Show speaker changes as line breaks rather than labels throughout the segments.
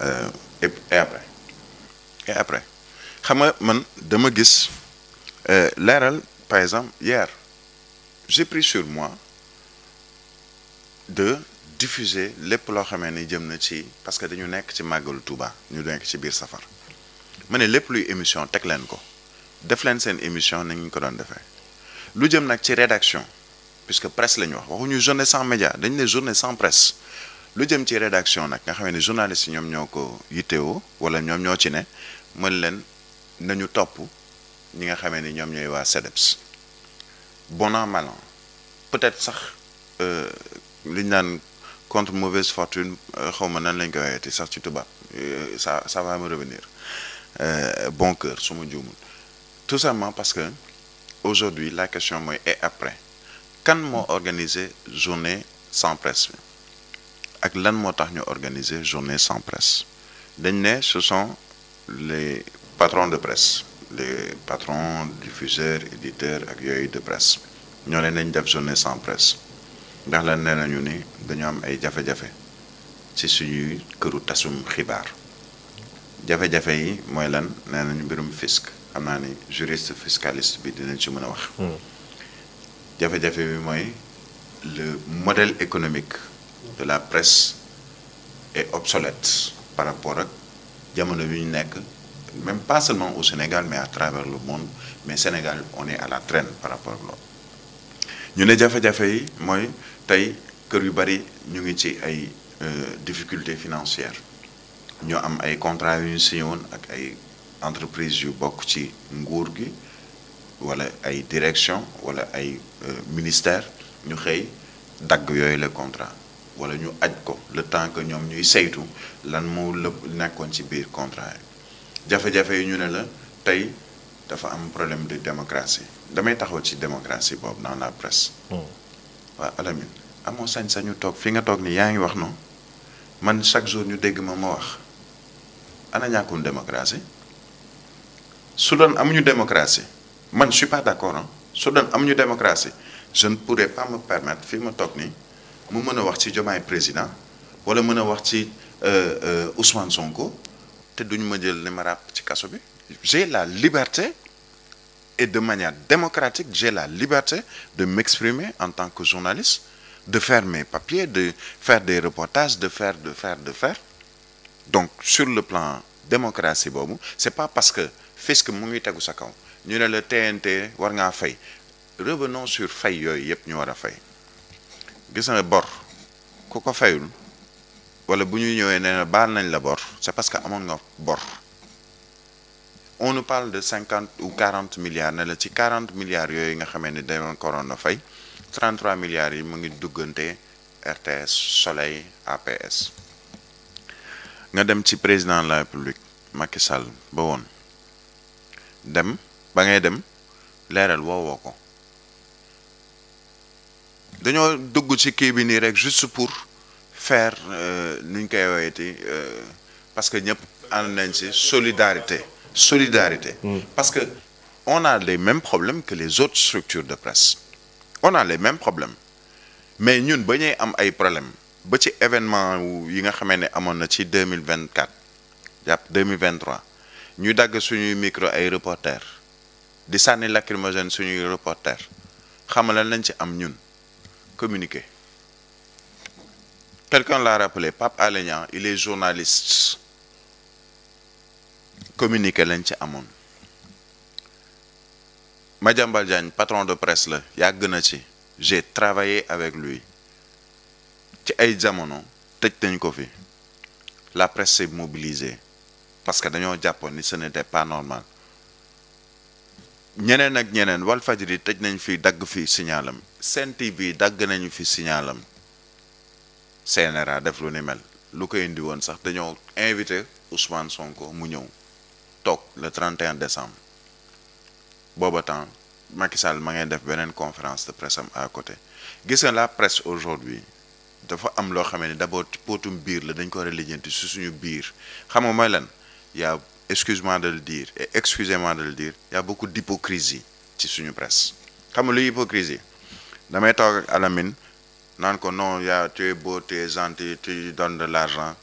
Euh, et et après xam nga man dama gis euh, leeral par exemple hier je pris sur moi de diffuser lépp loo xamee ni jëm na ci parce que dañu nekk ci màggalu Touba ñu nekk ci biir safar ma ne lépp luy émission teg leen ko def leen seen émission ngi ko doon defee lu jëm nag ci rédaction puisque presse la ñu wax ñu journée sans média dañu ne journée sans presse lu jëm ci rédaction nag nga xamee ne journaliste yi ñoom ñoo ko yittewoo wala ñoom ñoo ci ne mën leen nañu topp ñi nga xamee ni ñoom ñooy waa SEDEPS bon an mal peut-être sax euh, li ñu naan contre mauvaise fortune euh, xaw ma nan lañ koy waxeeti sax ci tubaab euh, ça ça va me revenir bon cœur su ma juumul tout simplement parce que aujourd'hui la question mooy et après kan moo organiser journée sans presse bi ak lan moo tax ñu organiser journée sans presse dañ ne ce sont les patrons de presse les patrons diffuseurs éditeurs ak yooyu de presse ñoo leen nañ def journée sans presse ndax lan nee nañu ni dañu am ay jafe-jafe ci suñuy këru tasum xibaar jafe-jafe yi mooy lan nee nañu mbirum fisc xam naa ni juriste fiscaliste bi dinañ ci mën a wax hmm. jafe-jafe bi mooy le modèle économique la presse est obsolète par rapport ak jamono bi ñu nekk même pas seulement au Sénégal mais à travers le monde mais Sénégal one est à la traîne par rapport ak loolu ñu ne jafe-jafe yi mooy tey kër yu bari ñu ngi ci ay euh, difficultés financières ñoo am ay contrats yu ñu signé woon ak ay entreprises yu bokk ci nguur gi wala ay direction wala ay euh, ministères ñu xëy dagg yooyu le contrat wala ñu aj ko le temps que ñoom ñuy saytu lan moo lëpp nekkoon ci biir contrat yi jafe-jafe yi ñu ne la tey dafa am problème de démocratie damay taxaw ci démocratie boobu dans la presse. Hmm. waa Alamine amoon sañ-sañu toog fi nga toog nii yaa ngi wax noonu man chaque jour ñu dégg ma ma wax ana ñàkkum démocratie su doon amuñu démocratie man je suis pas d'accord su doon amuñu démocratie je ne pourrais pas me permettre fi ma toog nii. mu mën a wax ci Diomaye président wala mën a wax ci euh, euh, Ousmane Sonko te duñ ma jël ne ma ràpp ci kaso bi j'ai la liberté et de manière démocratique j'ai la liberté de m'exprimer en tant que journaliste de faire mes de faire des reportages de faire de faire de faire donc sur le plan démocratie boobu c'est pas parce que fisc mu ngi tegu sa kaw ñu ne la TNT war ngaa fay revenons sur fay yooyu yëpp ñu war a fay gis nga bor ku ko fayul wala bu ñu ñëwee nee na baal nañ la bor c'est parce que amoon nga bor on de cinquante ou quarante milliards ne la ci quarante milliards yooyu nga xamee ni dañoon ko waroon fay trente trois milliards yi mu ngi duggante RTS Soleil APS. nga dem ci président la République Macky Sall ba woon dem ba ngay dem leeral woowoo ko. dañoo dugg ci kii bi nii rek juste pour faire euh, nuñ koy woyati euh, parce que ñëpp ànd nañ ci solidarité solidarité mm. parce que on les mêmes problèmes que les autres structures de presse on a les mêmes problèmes mais ñun ba ñuy am ay problèmes ba ci événement yi nga xamee ne amoon na ci 2024 jàpp 2023 ñu dagg suñuy micro ay reporter di sànni lacrymogène suñuy reporter xamala lañ ci am ñun communiqué. Quelqu'un l'a rappelé, Pape Alignan, il est journaliste. Communiqué lañ ci amoon. Madiambal Diagne patron de presse la yàgg na ci j'ai travaillé avec lui ci ay jamono tëj nañ ko fi la presse s'est mobilisée parce que dañoo jàppoon ni ce n'était pas normal ñeneen ak ñeneen walfajir yi tëj nañu fi dagg fi signalam Sen bii dagg nañu fi signalam CNRA def lu ni mel lu ko indi woon sax dañoo invité Ousmane Sonko mu ñëw toog le 31 décembre booba temps Macky Sall ma ngay def beneen conférence de presse am à côté gis nga la presse aujourd'hui dafa am loo xamee ni d'abord ci pootum biir la dañ ko war a si suñu biir xam nga mooy lan yaa excuse de le dire et excusez de le dire y a beaucoup d'hypocrisie ci suñu presse xam nga luy hypocrisie damay toog ak Alamine naan ko non yaa boo es beau tu es gentil tu donnes de l'argent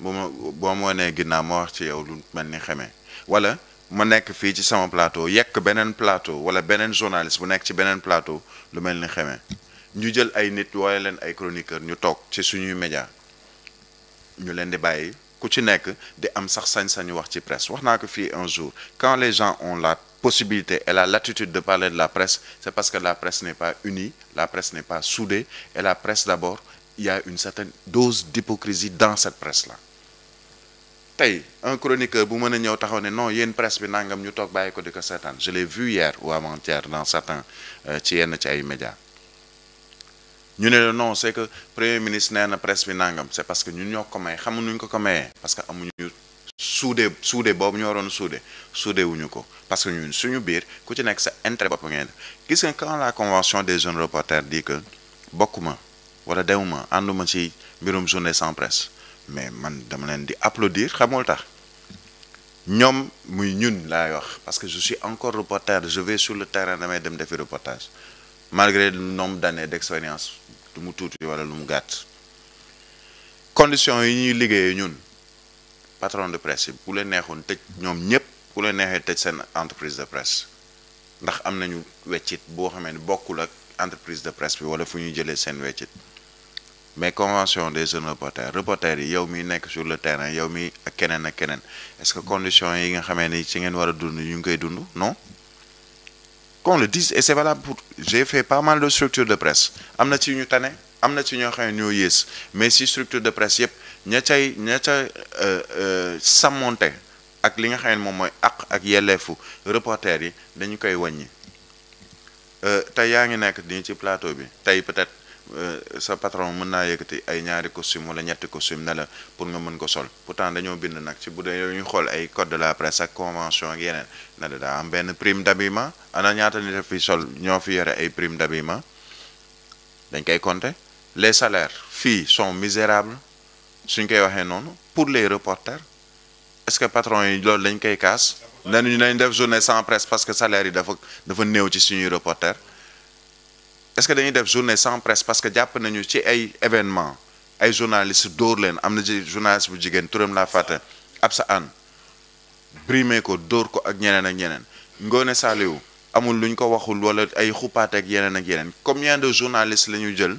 ma boo ma nee ginnaaw ma wax ci yow lu mel ni xamee wala ma nekk fii ci sama plateau yekk beneen plateau wala beneen journaliste bu nekk ci beneen plateau lu mel ni xamee ñu jël ay nit wooye leen ay chroniqueur ñu toog ci suñuy média ñu leen di bàyyi ku ci nekk di am sax sañ-sañu wax ci presse wax naa ko fii un jour quand les gens ont la possibilité et la latitude de parler de la presse c'est parce que la presse n'est pas unie la presse n'est pas soudée et la presse d'abord il y a une certaine dose d'hypocrisie dans cette presse là tey un chroniqueur bu mën a ñëw taxaw ne non yéen presse bi nangam ñu toog bàyyi ko di ko seetaan je l'ai vu hier ou avant-hier dans certains euh, ci yenn ci ay médias ñu ne non c'est que premier ministre nee na presse bi nangam c'est parce que ñun ñoo ko may xamuñu ñu ko ko mayee parce que amuñu suude suude boobu ñoo waroon suude suudeewuñu ko parce que ñu suñu biir ku ci nekk sa intérêt bopp ngeen gis nga quand la convention des jeunes reporters dit que bokkuma wala dewuma ànduma ci mbirum journée sans presse mais man dama leen di applaudir xamul tax ñoom muy ñun laay wax parce que je suis encore reporter je vais sur le terrain damay dem defi reportage malgré le nombre d'années d'expérience lu mu tuuti wala lu mu gàtt condition yi ñuy liggéeyee ñun patron de presse yi ku leen neexoon tëj ñoom ñëpp ku leen neexee tëj seen entreprise de presse ndax am nañu weccit boo xamee ne bokkul ak entreprise de presse bi wala fu ñu jëlee seen weccit mais convention de jeunes reporters reporters yi yow mi nekk sur le terrain yow mi ak keneen ak keneen est que condition yi nga xamee ni ci ngeen war a dund ñu ngi koy dund non qu'on le dise et c'est valable pour j'ai fait pas mal de structures de presse am na ci ñu tane am na ci ñoo xam ne ñoo yées mais si structure de presse yëpp ña cay ña ca euh, euh, sàmmonte ak li nga xam moom mooy àq ak yelleefu reporter yi dañu koy wàññi euh, tey yaa ngi nekk nii ci plateau bi tey peut-être Euh, sa patron mën naa yëkkati ay ñaari costume wala ñetti costume ne pour nga mën ko sol pourtant dañoo bind nag ci bu dee ñu xool ay code de la presse ak convention ak yeneen ne la daa am benn prime d'habillement ana ñaata nit fi sol ñoo fi yore ay prime d'habillement dañ koy compter les salaires fii son misérables suñ koy waxee noonu pour les reporters est-ce que patron yi loolu dañ koy kaas nañu nañ def journée sans presse parce que salaire yi dafa dafa néew ci suñuy reporter est-ce que dañuy def journée sans presse parce que jàpp nañu ci ay événement ay journaliste dóor leen am na ci journaliste bu jigéen turam laa fàtte ab sa an brimé ko dóor ko ak ñeneen ak ñeneen Ngoone Saliou amul lu ñu ko waxul wala ay xuppaate ak yeneen ak yeneen combien de journalistes la ñu jël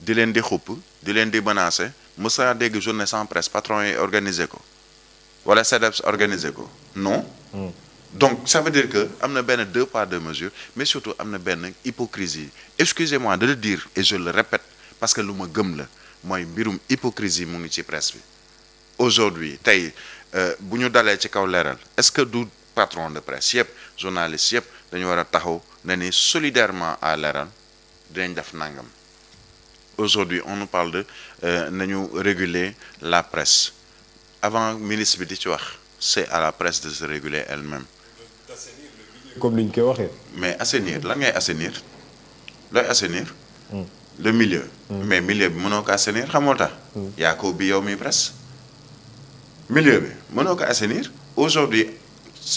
di leen di xupp di leen di menacer mës dégg journée sans presse patron yi organiser ko wala CDEPS organiser ko non hmm. donc ça veut dire que am na benn deux poids deux mesures mais surtout am na benn hypocrisie excusez-moi de le dire et je le répète parce que lu ma gëm la mooy mbirum hypocrisie mu ngi ci presse bi aujourd'hui tey euh, bu ñu dalee ci kaw leeral est-ce que du patron de presse yëpp journaliste yëpp dañu war a taxaw ne ni solidairement à leeral dinañ def nangam aujourd'hui on nous parle de euh, nañu réguler la presse avant ministre bi di ci wax c'est à la presse de se réguler elle comme ni ñu koy waxee. mais assainir lan ngay assainir looy assainir. Hmm. le milieu. Hmm. mais milieu bi mënoo ko assainir xamoo tax. Hmm. yaa ko bi yow mi presque. milieu bi mënoo ko assainir aujourd'hui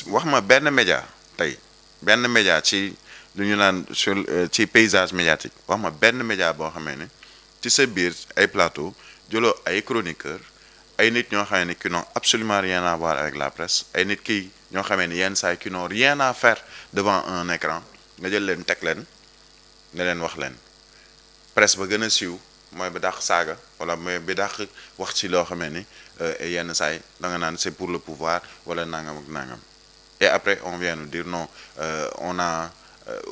wax ma benn média tey benn média ci lu ñu naan sur euh, ci paysage médiatique wax ma benn média boo xamee ne ci sa biir ay plateau jëloo ay chroniqueur ay nit ñoo xam ne qui n'ont absolument rien à voir avec la presse ay nit kii ñoo xamee ni yenn saay qui n'ont rien à faire devant un écran nga jël leen teg leen ne leen wax leen presse ba gën a siiw mooy bi dax saaga wala mooy bi dax wax si loo xamee ni euh, yenn saay da nga naan c'est pour le pouvoir wala nangam ak nangam et après on vient nous dire non euh, on a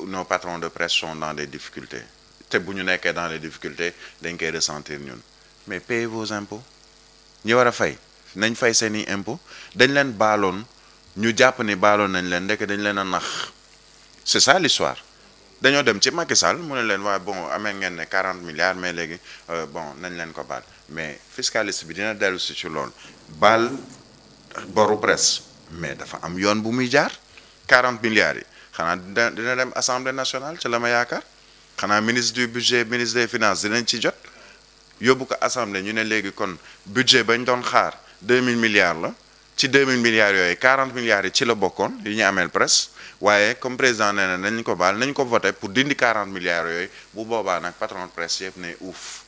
no euh, nos patrons de presse sont dans des difficultés te bu ñu nekkee dans les difficultés dañ koy ressentir ñun mais payez vos impôts ñi war a fay nañ fay seeni impôts dañ leen baaloon ñu jàpp ni baaloon nañ leen ndekk dañu leen a nax c'est ça l'histoire dañoo dem ci Macky Sall mu ne leen waa bon amee ngeen ne quarante milliards mais léegi euh, bon nañ leen ko baal mais fiscaliste bi dina dellu si ci lool baal boru presse mais dafa am yoon bu muy jaar 40 milliards yi xanaa dina dina dem assemblée nationale ci la ma yaakaar xanaa ministre du budget ministre des finances dinañ ci jot yóbbu ko assemblée ñu ne léegi kon budget bañ doon xaar 2000 milliards la ci 2000 milliards yooyu 40 milliards yi ci la bokkoon yi ñu ameel presse waaye comme président nee na nañ ko baal nañ ko voté pour dindi milliards yooyu bu boobaa nag patron de presse yëpp ne uuf.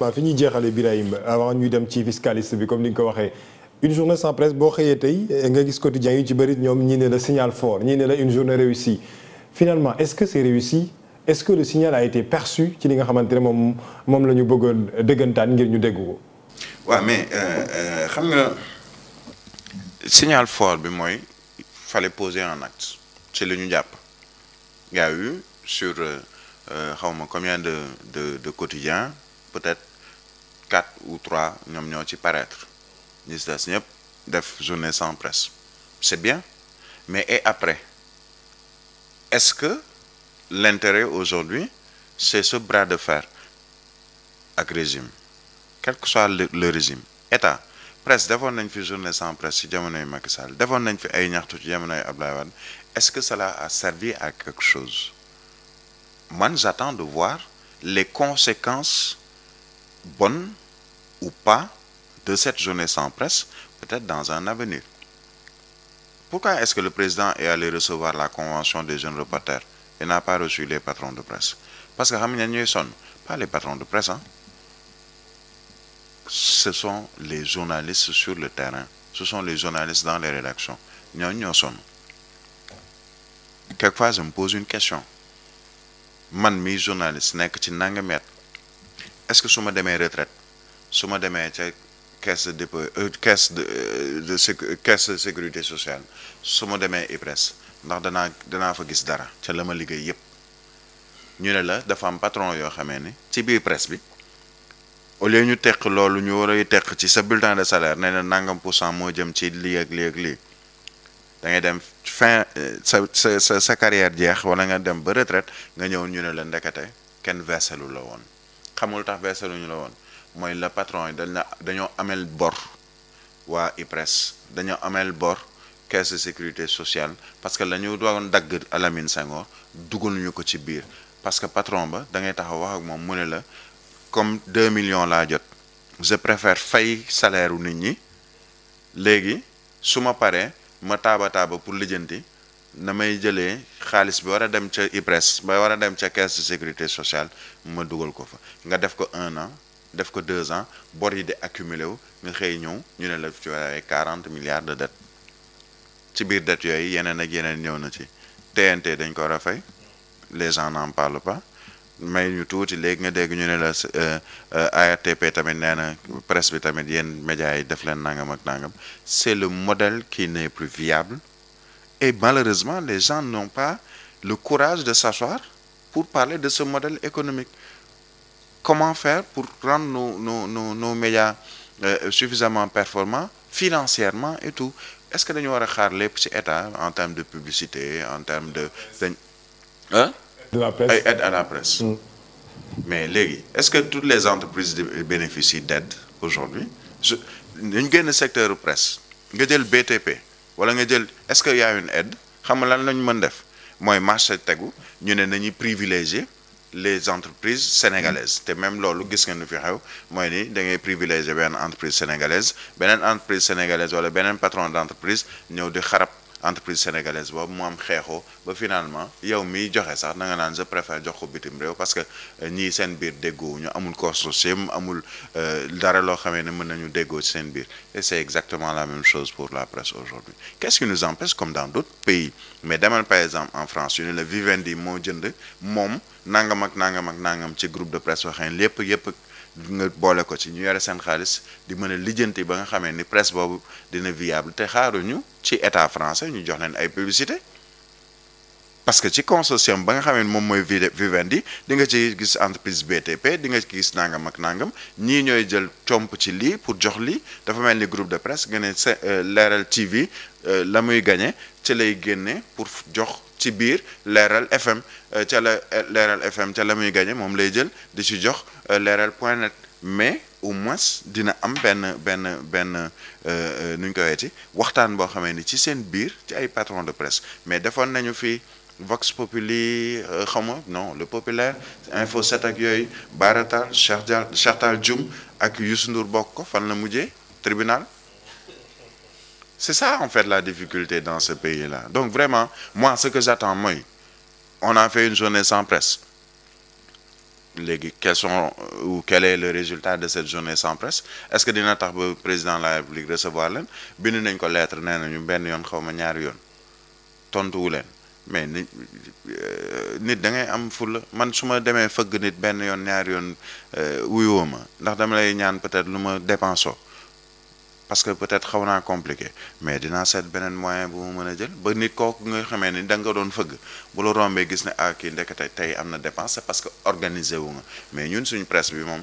waaw fi ñuy jeexalee Birahim avant ñuy dem ci fiscaliste bi comme ni nga ko waxee une journée sans presse boo xëyee tey nga gis quotidien yu ci bëri ñoom ñii ne la signal fort ñii ne la une journée réussie finalement est-ce que c'est réussi est-ce que le signal a été perçu ci li nga xamante ne ñu bëggoon dëggantaan ngir ñu signal fort bi mooy fallait poser un acte ci li ñu jàpp yaa yu sur euh, euh, xawma euh, combien de de de quotidiens peut-être quatre ou trois ñoom ñoo ci paraître ñi si des ñëpp def journée sans presse c'est bien mais et après est-ce que l'intérêt aujourd'hui c'est ce bras de fer ak régime quel que soit le, le régime état presse defoon nañ fi journée sans presse jamonoy Macky Sall nañ fi ay ñaxtu ci jamonoy Abdoulaye Wade est-ce que cela a servi à quelque chose man j'attends de voir les conséquences bonnes ou pas de cette journée sans presse peut-être dans un avenir pourquoi est-ce que le président est allé recevoir la convention des jeunes reporters et n'a pas reçu les patrons de presse parce que xam nga ñooy sonn pas les patrons de presse ce son les journalistes sur le terrain ce sont les journalistes dans les rédactions ñooñu ñoo sonn quelquefois je me pose une question man mii journaliste nekk ci nanga meet est-ce que su ma demee retraite su ma demee ca caisse de dépôt euh, caisse de euh, de caisse de sécurité sociale su ma demee IPRES ndax danaa danaa fa gis dara ca la ma liggéey yépp ñu ne la dafa am patron yoo xamee ni ci biir presse bi au lieu ñu teq loolu ñu war a teq ci sa bulletin de salaire nee na nangam pour cent moo jëm ci lii ak lii ak lii da ngay dem fin sa sa sa sa carrière jeex wala nga dem ba retraite nga ñëw ñu ne la ndekete kenn verselu la woon xamul tax verselu ñu la woon mooy la patron yi dañ la dañoo amel bor waa IPRES dañoo ameel bor caisse de sécurité sociale parce que la ñu doon dagg Alamine Senghor dugg ñu ko ci biir parce que patron ba dangay ngay taxaw wax ak moom mu ne la comme deux millions laa jot je préfère fay salaire nit ñi léegi su ma paree ma taaba taaba pour lijjanti na may jëlee xaalis bi war a dem ca IPRES ba war a dem ca caisse de sécurité sociale ma dugal ko fa nga def ko un an def ko deux ans bor yi di accumulé wu nga xëy ñëw ñu ne la ci waaye quarante milliards de dette ci biir dette yooyu yeneen ak yeneen ñëw na ci TNT dañ ko war a fay les gens n'en pas may ñu tuuti léegi nga dégg ñu ne la euh, ARTP tamit nee na presse bi tamit yéen médias yi def leen nangam ak nangam c'est le modèle qui n'est plus viable et malheureusement les gens n'ont pas le courage de s'asseoir pour parler de ce modèle économique comment faire pour rendre nos nos médias euh, suffisamment performants financièrement et tout est-ce que dañu war a xaar lépp ci état en termes de publicité en termes de dañ ah de la presse à la presse. Mm. mais léegi est-ce que toutes les entreprises bénéficient d'aide aujourd'hui je ñu génn secteur presse nga jël BTP wala nga jël est-ce que ya a une aide xam lan lañ mën def mooy marché tegu ñu ne nañuy privilégier les entreprises sénégalaises mm. te même loolu gis ngeen nu fi xew mooy nii da ngay privilégier benn entreprise sénégalaise beneen entreprise sénégalaise wala beneen patron d'entreprise ñëw di xarab. entreprise sénégalaise boobu mu xeexoo ba finalement yow miy joxe sax na naan je préfère jox ko bitim réew parce que euh, ñii seen biir déggoo ñu amul consortium amul euh, dara loo xamee ne mën nañu déggoo ci seen biir et c'est exactement la même chose pour la presse aujourd'hui qu'est-ce qui nous empêche comme dans d'autres pays mais demal par exemple en France yu ne la Vivendi moo jënd moom nangam ak nangam ak nangam ci groupe de presse waxee lépp yépp nga boole ko ci ñu yore seen xaalis di mën a lijjanti ba nga xamee ni presse boobu dina viable te xaaruñu ci état français ñu jox leen ay publicité parce que ci consortium ba nga xamee ni moom mooy Vivendi di nga ci gis entreprise BTP di nga ci gis nangam ak nangam ñii ñooy jël comp ci lii pour jox lii dafa mel ni groupe de presse nga ne euh, Leral TV Euh, la muy gañe ci lay génne pour jox ci biir leeral FM euh, ca la euh, leeral FM ca la muy moom lay jël di ci jox leeral point net mais au moins dina am benn benn benn nu ñu ko weeti waxtaan boo xamee ni ci seen biir ci ay patron de presse mais defoon nañu fii Vox Populi xaw ma non le populaire info 7 ak yooyu Baratal Cheikh Dial Cheikh Tall Dioum ak Youssou Ndour bokk ko fan la mujjee tribunal C'est ça en fait la difficulté dans ce pays-là. Donc vraiment, moi ce que j'attends, moi, on a fait une journée sans presse. Les, quels sont, euh, ou quel est le résultat de cette journée sans presse Est-ce que dina tax ba président de la République recevoir leen bind nañ ko lettre nee ñu benn yoon xaw ma ñaari yoon tontuwu leen mais nit euh, nit da ngay am fulla man su ma demee fëgg nit benn yoon ñaari yoon euh, wuyoo ma ndax dama ñaan peut-être lu ma dépensoo parce que peut-être xaw naa compliqué mais dinaa seet beneen moyen bu mu mën a jël ba nit kooku nga xamee ni da nga doon fëgg bu la rombee gis ne ah ndekete tey am na dépense c'est parce que organisé wu nga mais ñun suñu presse bi moom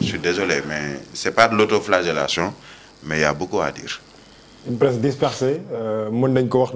je suis mais c'est pas de l'autoflagellation mais il y a beaucoup à dire. une presse dispersée euh, mën nañ ko wax.